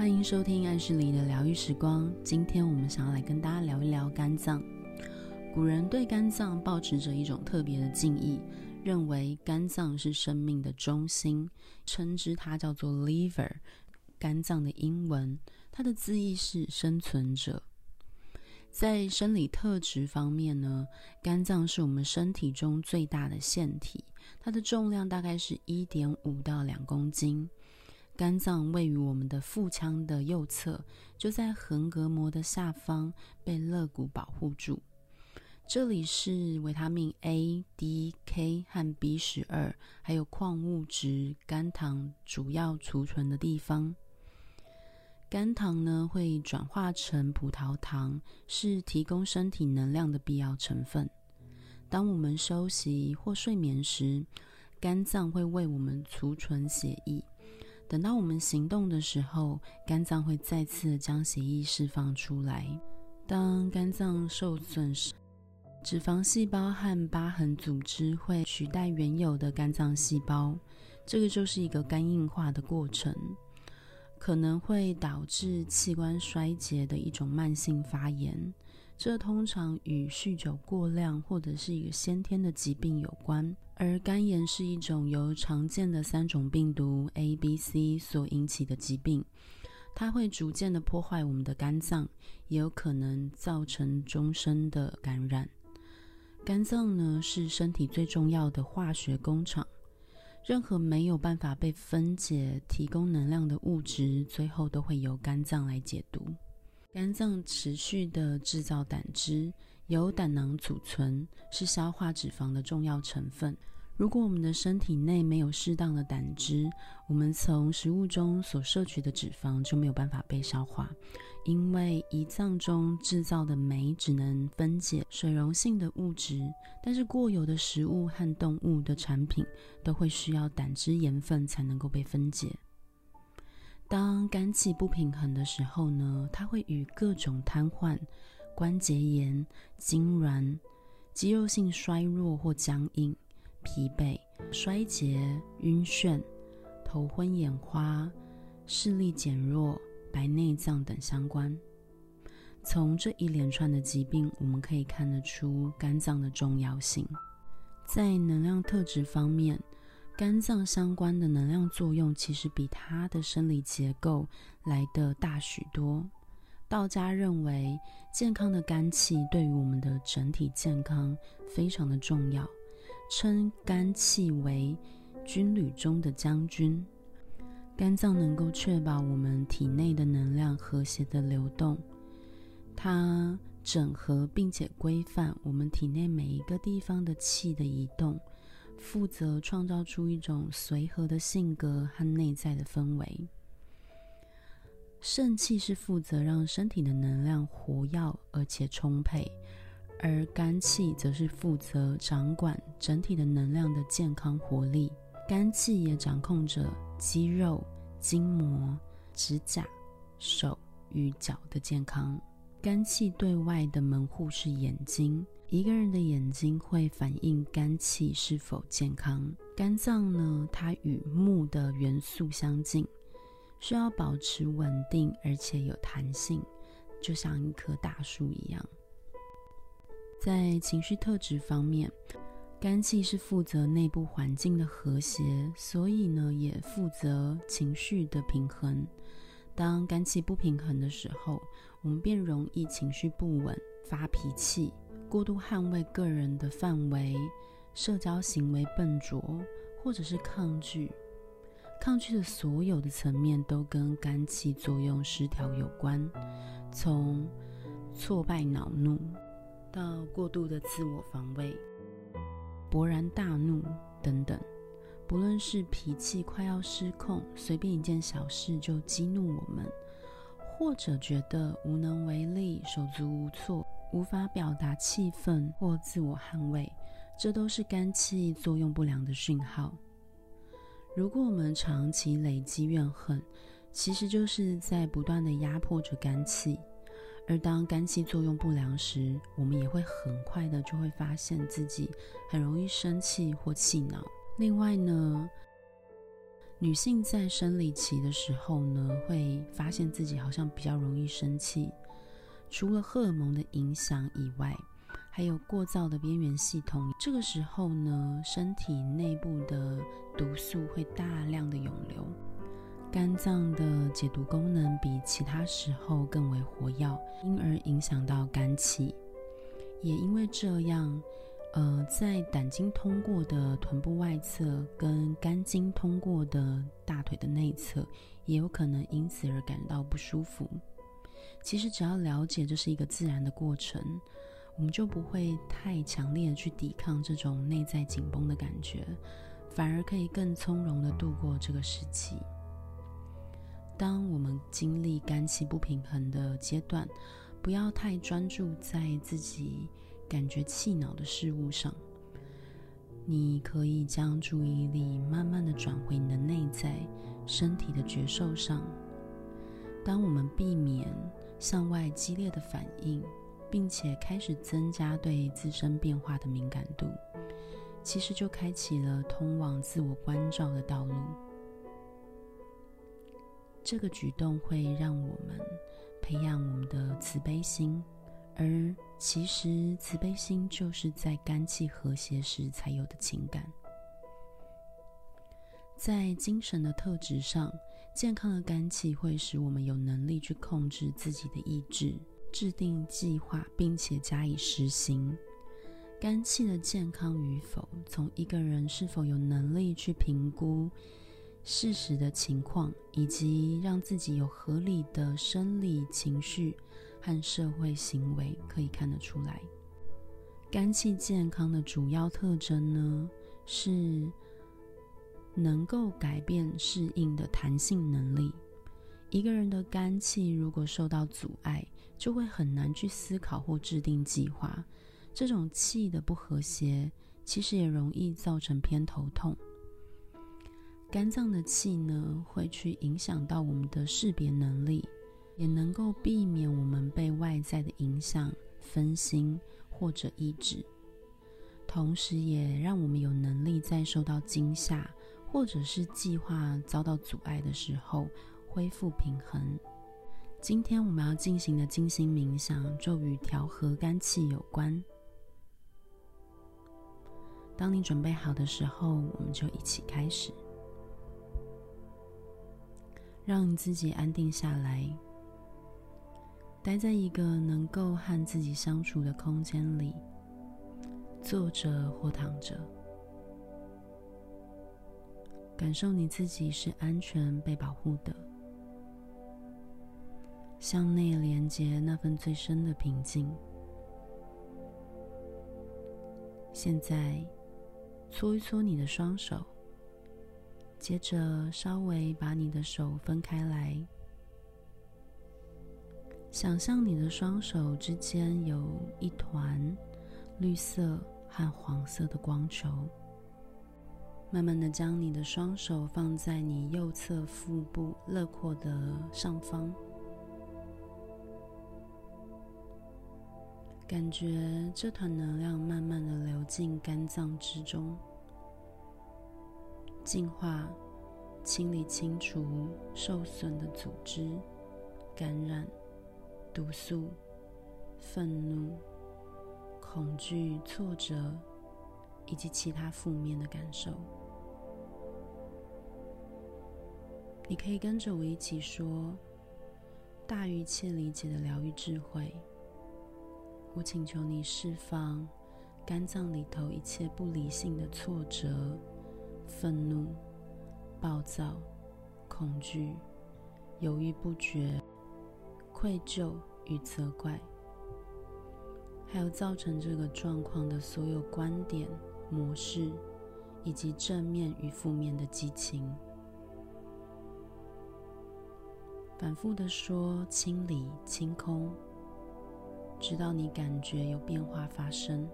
歡迎收聽愛旭黎的療癒時光。今天我們想要來跟大家聊一聊肝臟。古人對肝臟抱持著一種特別的敬意，認為肝臟是生命的中心，稱之它叫做 liver，肝臟的英文，它的字意是生存者。在生理特質方面呢，肝臟是我們身體中最大的腺體，它的重量大概是一點五到兩公斤。肝臟位於我們的腹腔的右側，就在橫膈膜的下方，被肋骨保護住。這裡是維他命 A、D、K 和 B12，還有礦物質肝糖主要儲存的地方。肝糖呢會轉化成葡萄糖，是提供身體能量的必要成分。當我們休息或睡眠時，肝臟會為我們儲存血液。等到我們行動的時候，肝臟會再次將血液釋放出來。當肝臟受損時，脂肪細胞和疤痕組織會取代原有的肝臟細胞，這個就是一個肝硬化的過程，可能會導致器官衰竭的一種慢性發炎。這通常與酗酒過量或者是一個先天的疾病有關。而肝炎是一種由常見的三種病毒 A、B、C 所引起的疾病，它會逐漸的破壞我們的肝臟，也有可能造成終身的感染。肝臟呢，是身體最重要的化學工廠，任何沒有辦法被分解提供能量的物質，最後都會由肝臟來解毒。肝臟持續的制造膽汁。由膽囊儲存，是消化脂肪的重要成分。如果我們的身體內沒有適當的膽汁，我們從食物中所攝取的脂肪就沒有辦法被消化，因為胰臟中制造的酶只能分解水溶性的物質。但是過油的食物和動物的產品都會需要膽汁鹽分才能夠被分解。當肝氣不平衡的時候呢，它會與各種癱瘓。關節炎、痙攣、肌肉性衰弱或僵硬、疲憊、衰竭、暈眩、頭昏眼花、視力減弱、白內障等相關。從這一連串的疾病，我們可以看得出肝臟的重要性。在能量特質方面，肝臟相關的能量作用其實比它的生理結構來得大許多。道家認為，健康的肝氣對於我們的整體健康非常的重要，稱肝氣為“軍旅中的將軍”。肝臟能夠確保我們體內的能量和諧的流動，它整合並且規範我們體內每一個地方的氣的移動，負責創造出一種隨和的性格和內在的氛圍。腎氣是負責讓身體的能量活躍而且充沛，而肝氣則是負責掌管整體的能量的健康活力。肝氣也掌控着肌肉、筋膜、指甲、手與腳的健康。肝氣對外的門戶是眼睛，一個人的眼睛會反映肝氣是否健康。肝臟呢，它與木的元素相近。需要保持穩定而且有彈性，就像一棵大樹一樣。在情緒特質方面，肝氣是負責內部環境的和諧，所以呢也負責情緒的平衡。當肝氣不平衡的時候，我們便容易情緒不穩、發脾氣、過度捍衛個人的範圍、社交行為笨拙，或者是抗拒。抗拒的所有的層面都跟肝氣作用失調有關，從挫敗、惱怒到過度的自我防衛、勃然大怒等等，不論是脾氣快要失控，隨便一件小事就激怒我們，或者覺得無能為力、手足無措、無法表達氣憤或自我捍衛，這都是肝氣作用不良的訊號。如果我們長期累積怨恨，其實就是在不斷地壓迫着肝氣，而當肝氣作用不良時，我們也會很快地就會發現自己很容易生氣或氣惱。另外呢，女性在生理期的時候呢，會發現自己好像比較容易生氣，除了荷爾蒙的影響以外，還有過躁的邊緣系統。這個時候呢，身體內部的毒素會大量的湧流，肝臟的解毒功能比其他時候更為活躍，因而影響到肝氣。也因為這樣，呃，在膽經通過的臀部外側，跟肝經通過的大腿的內側，也有可能因此而感到不舒服。其實只要了解這是一個自然的過程，我們就不會太強烈的去抵抗這種內在緊繃的感覺。反而可以更從容的度過這個時期。當我們經歷肝氣不平衡的階段，不要太專注在自己感覺氣惱的事物上。你可以將注意力慢慢的轉回你的內在身體的覺受上。當我們避免向外激烈的反應，並且開始增加對自身變化的敏感度。其實就開啟了通往自我關照的道路。這個舉動會讓我們培養我們的慈悲心，而其實慈悲心就是在肝氣和諧時才有的情感。在精神的特質上，健康的肝氣會使我們有能力去控制自己的意志，制定計劃，並且加以實行。肝氣的健康與否，從一個人是否有能力去評估事實的情況，以及讓自己有合理的生理、情緒和社會行為，可以看得出來。肝氣健康的主要特徵呢，是能夠改變、適應的彈性能力。一個人的肝氣如果受到阻礙，就會很難去思考或制定計劃。這種氣的不和諧，其實也容易造成偏頭痛。肝臟的氣呢，會去影響到我們的識別能力，也能夠避免我們被外在的影響分心或者抑制，同時也讓我們有能力在受到驚嚇或者是計劃遭到阻礙的時候恢復平衡。今天我們要進行的靜心冥想，就與調和肝氣有關。當你準備好的時候，我們就一起開始。讓你自己安定下來，待在一個能夠和自己相處的空間裡，坐着或躺着，感受你自己是安全、被保護的，向內連接那份最深的平靜。現在。搓一搓你的雙手，接着稍微把你的手分開來，想象你的雙手之間有一團綠色和黃色的光球，慢慢的將你的雙手放在你右側腹部肋廓的上方。感覺這團能量慢慢的流進肝臟之中，淨化、清理、清除受損的組織、感染、毒素、憤怒、恐懼、挫折以及其他負面的感受。你可以跟着我一起說：“大於一切理解的療癒智慧。”我請求你釋放肝臟裡頭一切不理性的挫折、憤怒、暴躁、恐懼、猶豫不決、愧疚與責怪，還有造成這個狀況的所有觀點、模式，以及正面與負面的激情。反覆地說，清理、清空。直到你感覺有變化發生。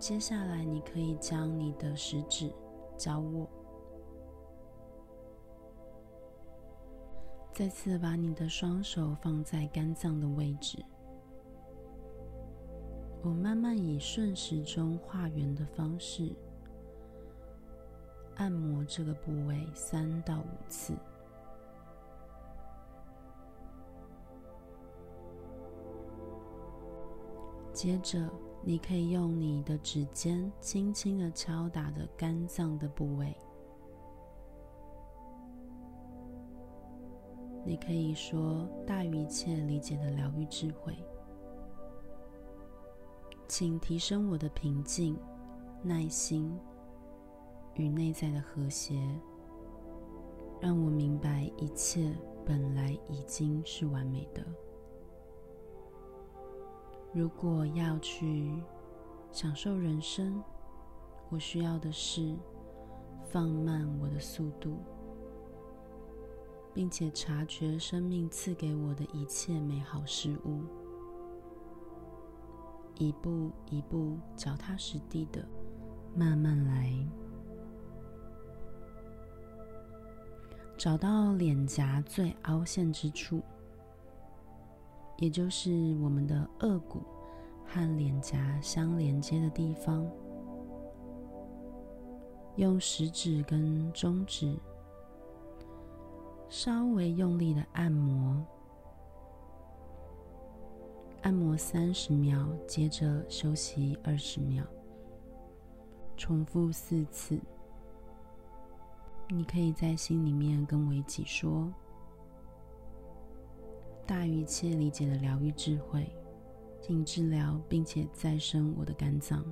接下來，你可以將你的食指交握，再次把你的雙手放在肝臟的位置。我慢慢以順時鐘畫圓的方式。按摩這個部位三到五次，接着你可以用你的指尖輕輕的敲打着肝臟的部位。你可以說：“大於一切理解的療癒智慧，請提升我的平靜、耐心。”與內在的和諧，讓我明白一切本來已經是完美的。如果要去享受人生，我需要的是放慢我的速度，並且察覺生命賜給我的一切美好事物，一步一步腳踏實地的慢慢來。找到臉頰最凹陷之處，也就是我們的顎骨和臉頰相連接的地方，用食指跟中指稍微用力的按摩，按摩三十秒，接着休息二十秒，重複四次。你可以在心裡面跟我一起說：“大於一切理解的療癒智慧，請治療並且再生我的肝臟，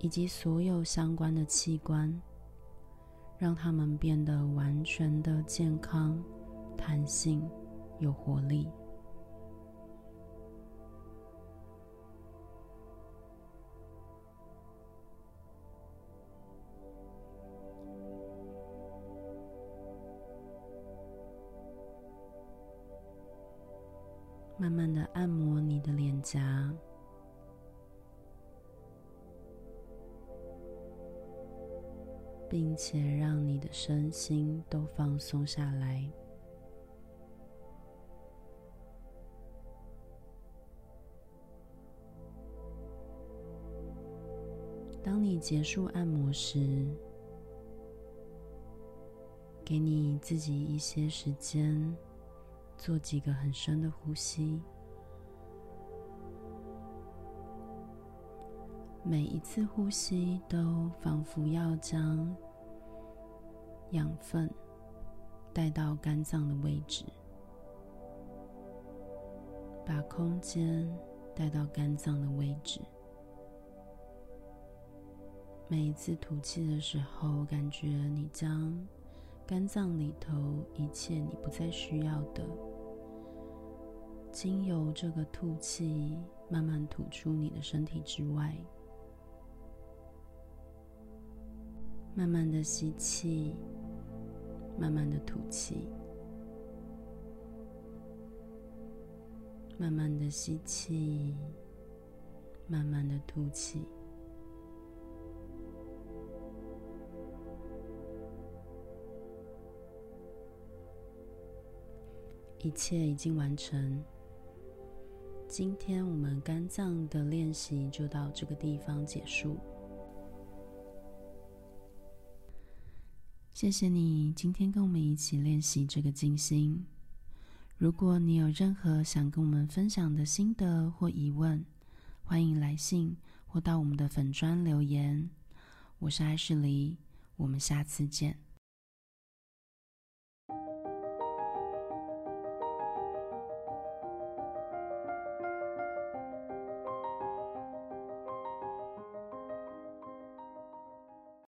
以及所有相關的器官，讓它們變得完全的健康、彈性、有活力。”慢慢的按摩你的臉頰，並且讓你的身心都放鬆下來。當你結束按摩時，給你自己一些時間。做幾個很深的呼吸，每一次呼吸都仿佛要將養分帶到肝臟的位置，把空間帶到肝臟的位置。每一次吐氣的時候，感覺你將肝臟裡頭一切你不再需要的。經由這個吐氣，慢慢吐出你的身體之外。慢慢的吸氣，慢慢的吐氣，慢慢的吸氣，慢慢的吐氣。一切已經完成。今天我們肝臟的練習就到這個地方結束。謝謝你今天跟我們一起練習這個靜心。如果你有任何想跟我們分享的心得或疑問，歡迎來信或到我們的粉專留言。我是愛旭黎，我們下次見。